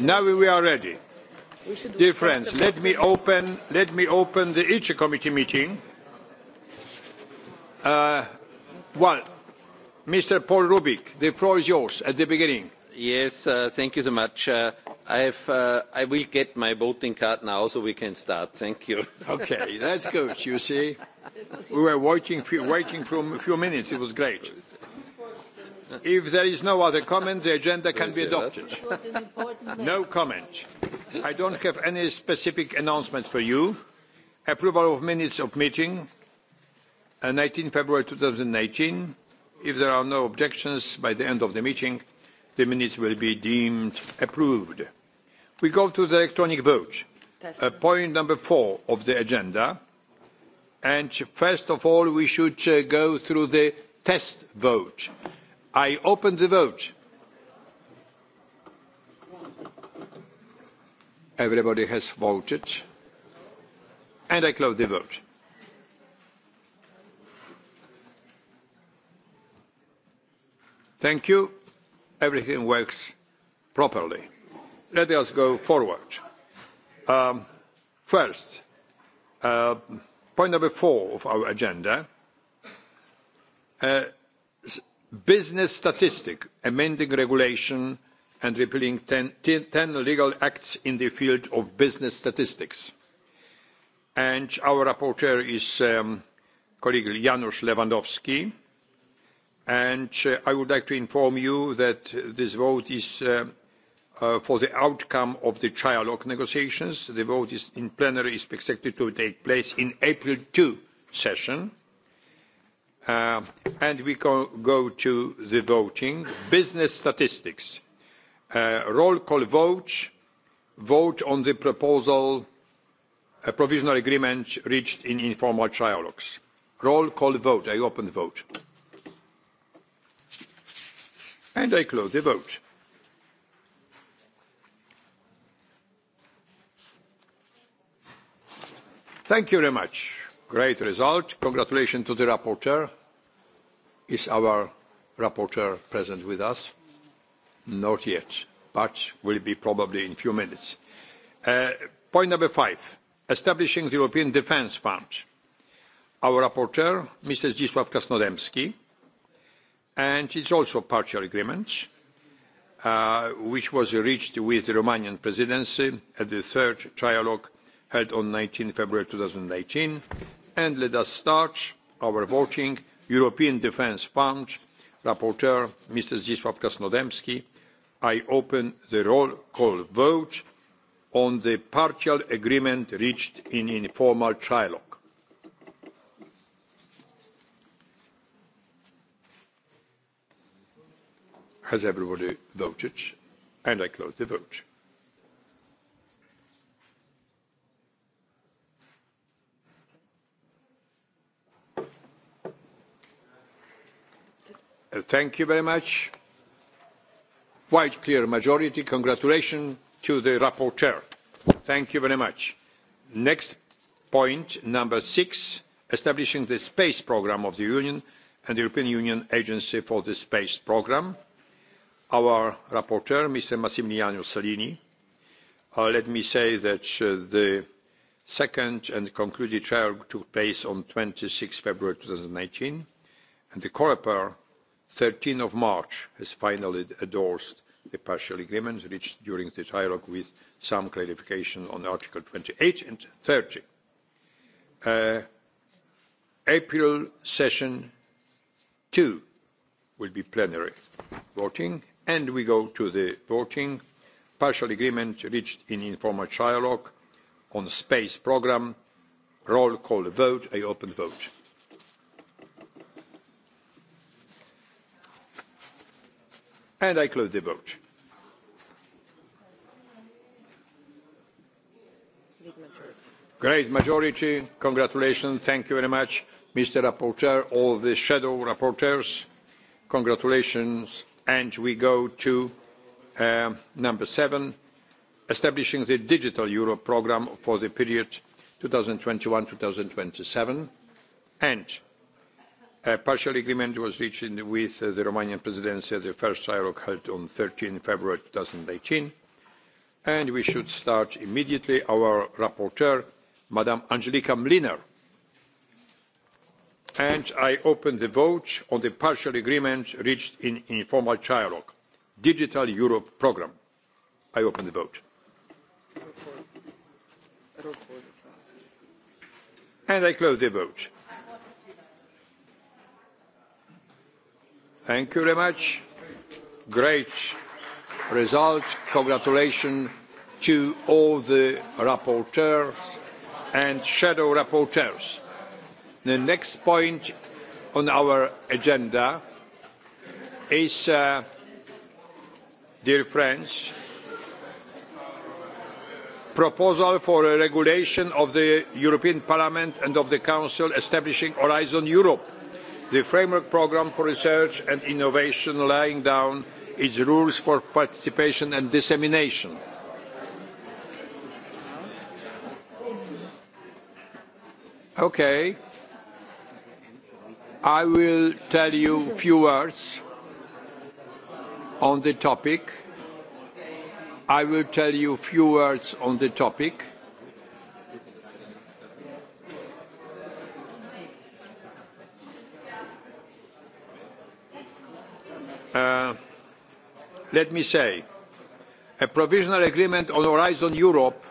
Now we are ready. Dear friends, let me open, let me open the ICE committee meeting. Uh, well, Mr. Paul Rubik, the floor is yours at the beginning. Yes, uh, thank you so much. Uh, I, have, uh, I will get my voting card now so we can start. Thank you. okay, that's good. You see, we were waiting, waiting for a few minutes. It was great. If there is no other comment, the agenda can be adopted. No comment. I don't have any specific announcement for you. Approval of minutes of meeting, 19 February 2018. If there are no objections by the end of the meeting, the minutes will be deemed approved. We go to the electronic vote. Point number four of the agenda. And first of all, we should go through the test vote. I open the vote. Everybody has voted. And I close the vote. Thank you. Everything works properly. Let us go forward. Um, first, uh, point number four of our agenda. Uh, business statistic amending regulation and repealing ten legal acts in the field of business statistics. And our rapporteur is colleague Janusz Lewandowski. And I would like to inform you that this vote is for the outcome of the trialogue negotiations. The vote in plenary is expected to take place in April 2 session and we go to the voting. Business statistics. Roll call vote. Vote on the proposal, a provisional agreement reached in informal trialogues. Roll call vote. I open the vote. And I close the vote. Thank you very much. Great result. Congratulations to the rapporteur. Is our rapporteur present with us? Not yet, but will be probably in a few minutes. Point number five, establishing the European Defence Fund. Our rapporteur, Mr. Zdzisław Krasnodemski, and it's also a partial agreement, which was reached with the Romanian presidency at the third trialogue held on 19 February 2018 And let us start our voting European Defence Fund. Rapporteur, Mr. Zdzisław krasnodbski I open the roll call vote on the partial agreement reached in informal trilogue. Has everybody voted? And I close the vote. Thank you very much. Quite clear majority. Congratulations to the rapporteur. Thank you very much. Next point, number six, establishing the space programme of the Union and the European Union Agency for the Space Programme. Our rapporteur, Mr. Massimiliano Salini. Let me say that the second and concluded trial took place on 26 February 2019, and the COREPER 13 of March has finally endorsed the partial agreement reached during the dialogue with some clarification on Article 28 and 30. Uh, April session 2 will be plenary voting, and we go to the voting. Partial agreement reached in informal dialogue on space program. Roll call vote. I open vote. and I close the vote. Great majority. Congratulations. Thank you very much, Mr. Rapporteur, all the shadow rapporteurs. Congratulations. And we go to uh, number seven, establishing the Digital Europe programme for the period 2021-2027. And A partial agreement was reached with the Romanian presidency at the first dialogue held on 13 February 2018, and we should start immediately. Our rapporteur, Madame Angelika Mliner, and I open the vote on the partial agreement reached in informal dialogue, Digital Europe Programme. I open the vote. And I close the vote. Thank you very much. Great result. Congratulations to all the rapporteurs and shadow rapporteurs. The next point on our agenda is, uh, dear friends, proposal for a regulation of the European Parliament and of the Council establishing Horizon Europe the Framework Programme for Research and Innovation laying down its rules for participation and dissemination. Okay. I will tell you a few words on the topic. I will tell you a few words on the topic let me say, a provisional agreement on Horizon Europe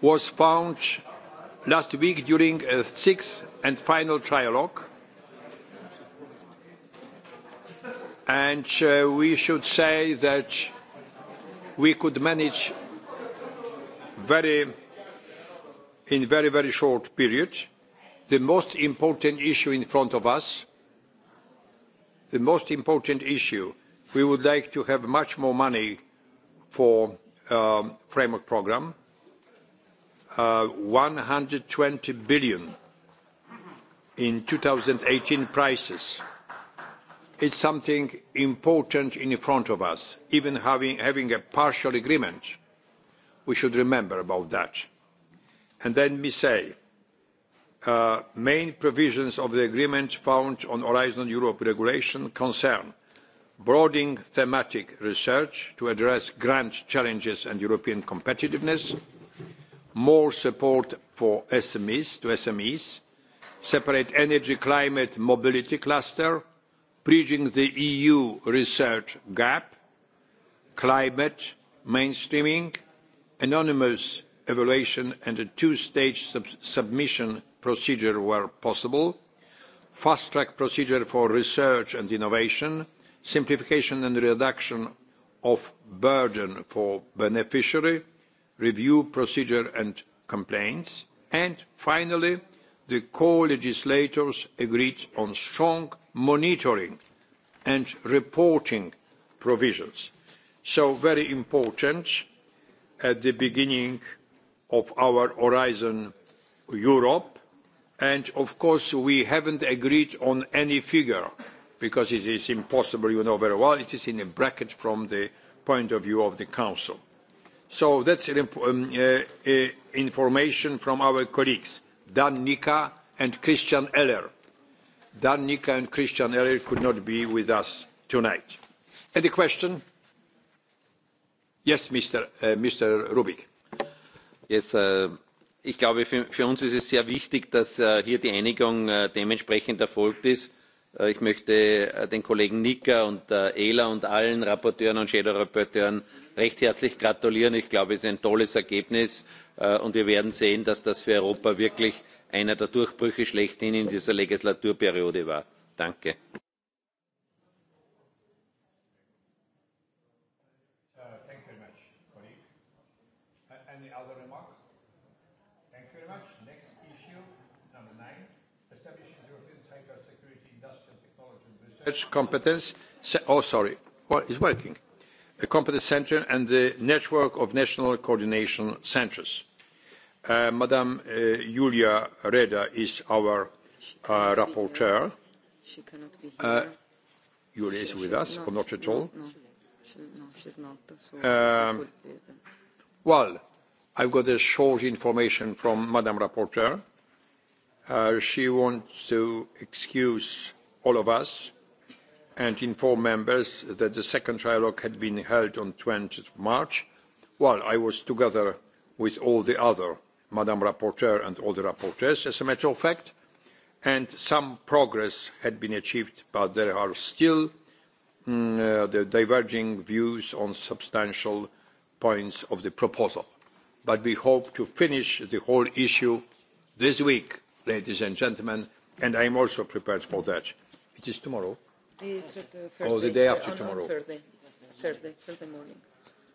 was found last week during a sixth and final trialogue. And we should say that we could manage very, in very, very short period the most important issue in front of us, the most important issue. We would like to have much more money for um, framework program, uh, 120 billion in 2018 prices. It's something important in front of us, even having, having a partial agreement. We should remember about that. And then me say, main provisions of the agreement found on Horizon Europe regulation concern broadening thematic research to address grant challenges and European competitiveness, more support for SMEs to SMEs, separate energy, climate, mobility cluster, bridging the EU research gap, climate mainstreaming, anonymous evaluation and a two-stage submission procedure where possible, fast-track procedure for research and innovation, simplification and reduction of burden for beneficiary, review procedure and complaints, and finally, the co-legislators agreed on strong monitoring and reporting provisions. So very important at the beginning of our Horizon Europe, And of course, we haven't agreed on any figure because it is impossible, you know very well. It is in a bracket from the point of view of the Council. So that's information from our colleagues, Dan Nika and Christian Eller. Dan Nika and Christian Eller could not be with us tonight. Any question? Yes, Mr. Rubik. Yes, ich glaube, für, uns ist es sehr wichtig, dass hier die Einigung dementsprechend erfolgt ist. Ich möchte den Kollegen Nica und Ehler und allen Rapporteuren und Shadow-Rapporteuren recht herzlich gratulieren. Ich glaube, es ist ein tolles Ergebnis und wir werden sehen, dass das für Europa wirklich einer der Durchbrüche schlechthin in dieser Legislaturperiode war. Danke. research competence, oh sorry, well, it's working, a competence center and the network of national coordination centers. Uh, Madam uh, Julia Reda is our uh, rapporteur. She cannot be here. Uh, Julia is with us, or not at all? No, she, no she's not. So um, well, I've got a short information from Madam Rapporteur. Uh, she wants to excuse all of us and inform members that the second trilogue had been held on 20 March, while I was together with all the other Madam Rapporteur and all the rapporteurs, as a matter of fact, and some progress had been achieved, but there are still the diverging views on substantial points of the proposal. But we hope to finish the whole issue this week, ladies and gentlemen, and I am also prepared for that. It is tomorrow. It's at the oh, the day after tomorrow. Thursday. Thursday, Thursday morning.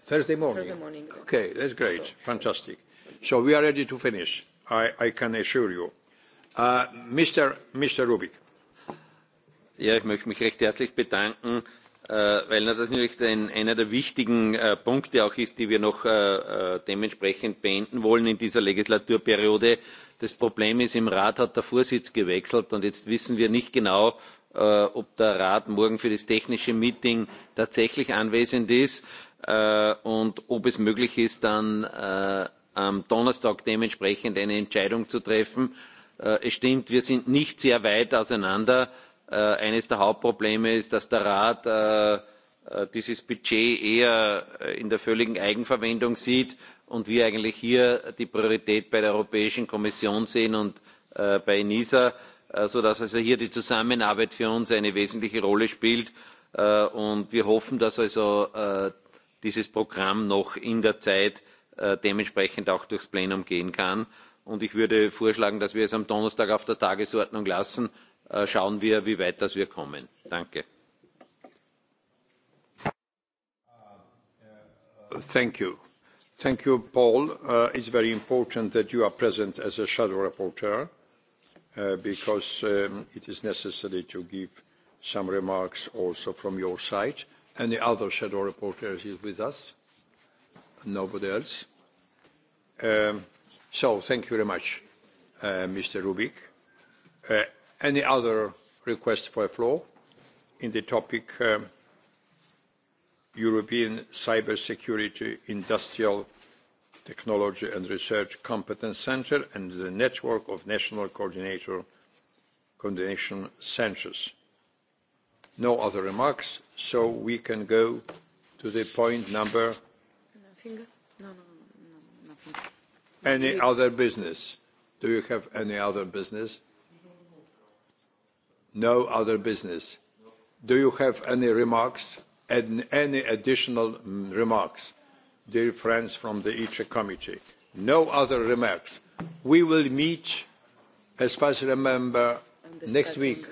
Thursday morning. Thursday morning. Okay, that's great. So. Fantastic. So we are ready to finish. I, I can assure you. Uh, Mr. Mr. Rubik. Ja, ich möchte mich recht herzlich bedanken, weil das natürlich einer der wichtigen Punkte auch ist, die wir noch dementsprechend beenden wollen in dieser Legislaturperiode. Das Problem ist, im Rat hat der Vorsitz gewechselt und jetzt wissen wir nicht genau, ob der Rat morgen für das technische Meeting tatsächlich anwesend ist und ob es möglich ist, dann am Donnerstag dementsprechend eine Entscheidung zu treffen. Es stimmt, wir sind nicht sehr weit auseinander. Eines der Hauptprobleme ist, dass der Rat dieses Budget eher in der völligen Eigenverwendung sieht und wir eigentlich hier die Priorität bei der Europäischen Kommission sehen und bei ENISA sodass also hier die Zusammenarbeit für uns eine wesentliche Rolle spielt. Und wir hoffen, dass also dieses Programm noch in der Zeit dementsprechend auch durchs Plenum gehen kann. Und ich würde vorschlagen, dass wir es am Donnerstag auf der Tagesordnung lassen. Schauen wir, wie weit wir kommen. Danke. Thank you. Thank you, Paul. Uh, it's very important that you are present as a shadow Uh, because it is necessary to give some remarks also from your side. Any other shadow reporters is with us? Nobody else. So thank you very much, Mr. Rubik. Any other request for a floor in the topic European cybersecurity industrial Technology and Research Competence Center and the network of national coordinator coordination centers. No other remarks, so we can go to the point number. Nothing. No, no, no, nothing. Any other business? Do you have any other business? No other business. Do you have any remarks any additional remarks? dear friends from the ITRE committee. No other remarks. We will meet, as far as I remember next week.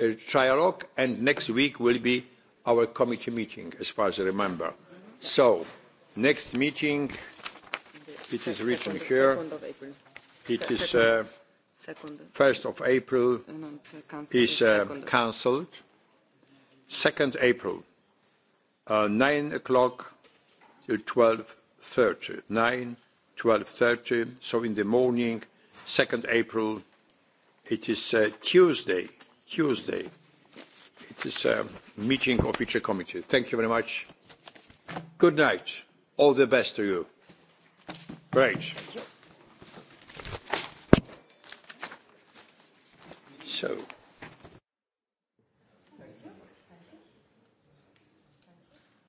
A trialogue, and next week will be our committee meeting, as far as I remember. So, next meeting, it is written here. It is uh, 1st of April is uh, cancelled. 2nd April nine o'clock twelve thirty. Nine, twelve thirty. So in the morning, 2nd April, it is uh, Tuesday. Tuesday. It is a meeting of each committee. Thank you very much. Good night. All the best to you. Great. So.